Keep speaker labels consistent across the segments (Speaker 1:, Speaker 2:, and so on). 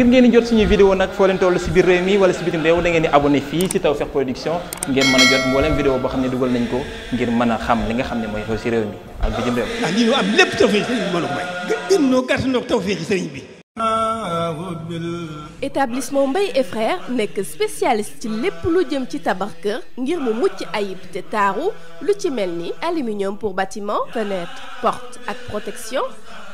Speaker 1: ngir ngeen di jot suñu vidéo nag foo leen toll si biir réew mi wala si bitim réew da ngeen di abonné fii si Tawfekh Production ngeen mën a jot mboolem vidéo boo xam ne dugal nañ ko ngir mën a xam li nga xam ne mooy xew si réew mi ak bitim réew. ndax ah, lii ñu am lépp Tawfekh sëriñ bi mën a may. gën noo gàtt noo Tawfekh sëriñ ci lépp lu jëm ci tabax kër ngir mu mucc ayib te taaru lu ci mel ni aluminium pour bâtiment fenêtre porte ak protection.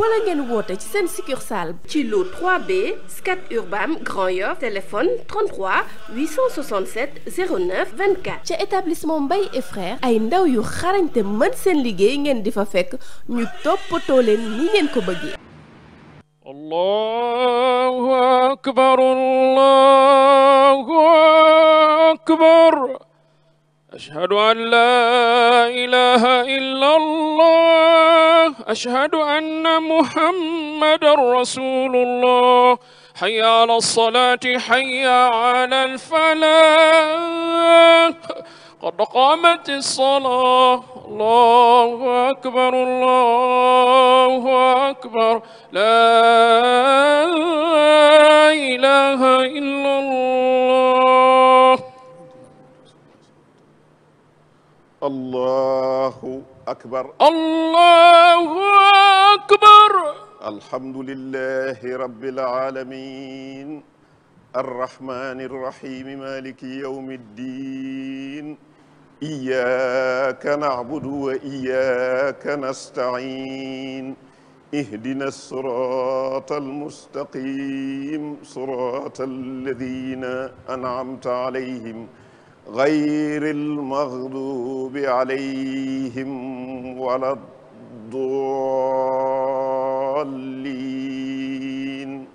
Speaker 1: wala ngeen woote ci seen succursale ci lu 3B Scat Urbam Grand Yoff téléphone 33 867 09 24 ca établissement Mbaye et ay ndaw yu xarañ te mën seen liggéey ngeen di fa fekk ñu toppatoo leen ni ngeen ko bëggee
Speaker 2: allahu akbar allahu akbar ashhadu an أشهد أن محمد رسول الله حي على الصلاة حي على الفلاح قد قامت الصلاة الله أكبر الله أكبر لا إله إلا الله
Speaker 3: الله akbar allahu akbar alhamdulillahi rabbil alamin arrahmani rrahimi maliki yawmi ddin iyyaka na'budu wa iyyaka nasta'in ihdina sirata almustaqim sirata alladhina an'amta alayhim غير المغضوب عليهم ولا الضالين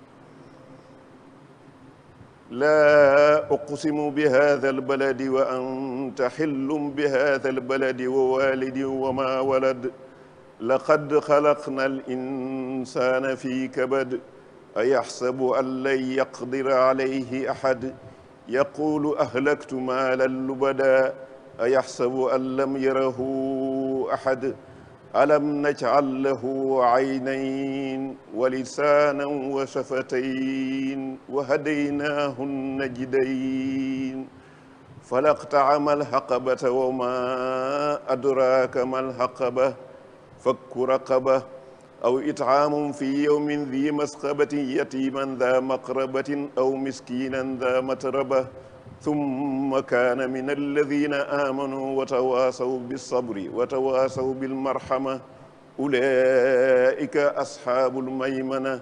Speaker 3: لا أقسم بهذا البلد وأنت حل بهذا البلد ووالد وما ولد لقد خلقنا الإنسان في كبد أيحسب أن لن يقدر عليه أحد yaqulu ahlaktu maalan lubada ayaxsabu an lam yarahu ahad alam najcal lahu aynayn wa lisaanan wa shafatayn wa hadaynaahu najdayn falaqtacama alxaqabata wa ma adraaka ma alxaqaba fakku raqaba aw itaamun fi yowmin di masxabatin yatiman da maqrabatin aw miskinan da matraba thumma kaana min alladina amanu wa tawaasaw bilsabri wa tawaasaw bilmarhama ulaika asxaabu almaymana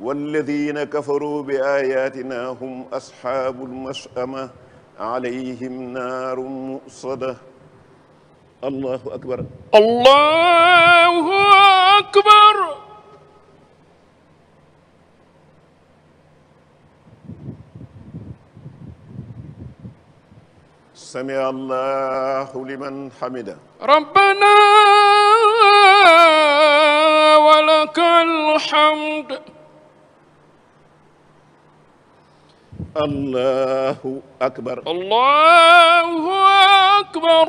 Speaker 3: walladina kafaru bi ayatina hum asxaabu almashama alayhim naarun musada allahu akbar allahu akbar sami allahu liman hamida
Speaker 2: rabbana walakal hamd
Speaker 3: allahu akbar allahu akbar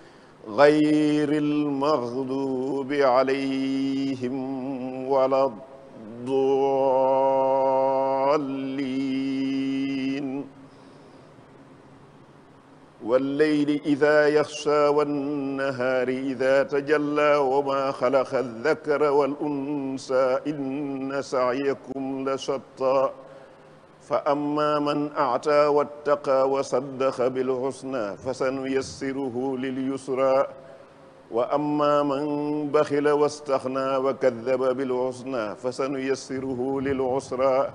Speaker 3: غير المغضوب عليهم ولا الضالين والليل إذا يخشى والنهار إذا تجلى وما خلق الذكر والأنثى إن سعيكم لشتى fa amma man a'taa wattaqaa wa saddaqa bilxusnaa fasanuyassiruhu lilyusraa wa amma man baxila wastaxnaa wa kaddaba bilxusnaa fasanuyassiruhu lilusraa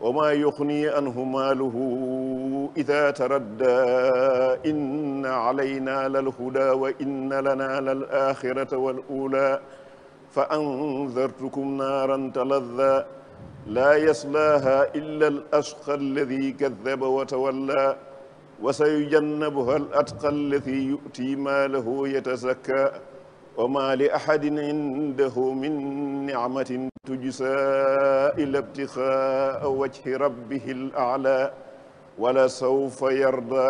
Speaker 3: wa maa yuxnii anhu maaluhu idaa taraddaa inna alaynaa lalhudaa wa inna lanaa lal aaxirata wal uulaa fa anzartukum naaran talazaa laa yaslaaha illa al ashqa alladi kadaba wa tawalla wa sayujannabuha al atqa alladi yu'ti maalahu yatasakka wa ma li ahadin indahu min nicmatin tujsaa illa ibtixaa wajhi rabbihi al a'laa wala sawfa yarda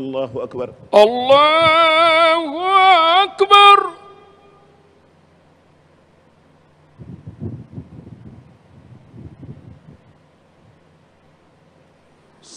Speaker 3: allahu akbar allahu akbar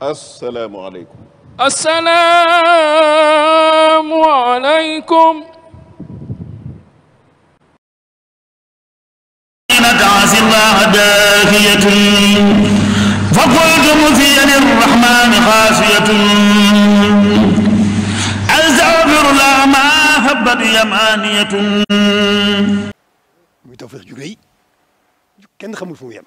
Speaker 3: asalaamualeykum.
Speaker 2: asalaamualeykum.
Speaker 3: فقلتم في يد الرحمن خافية
Speaker 1: أستغفر الله ما هبت يمانية muy tawfeex ju rëy kenn xamul fu mu yem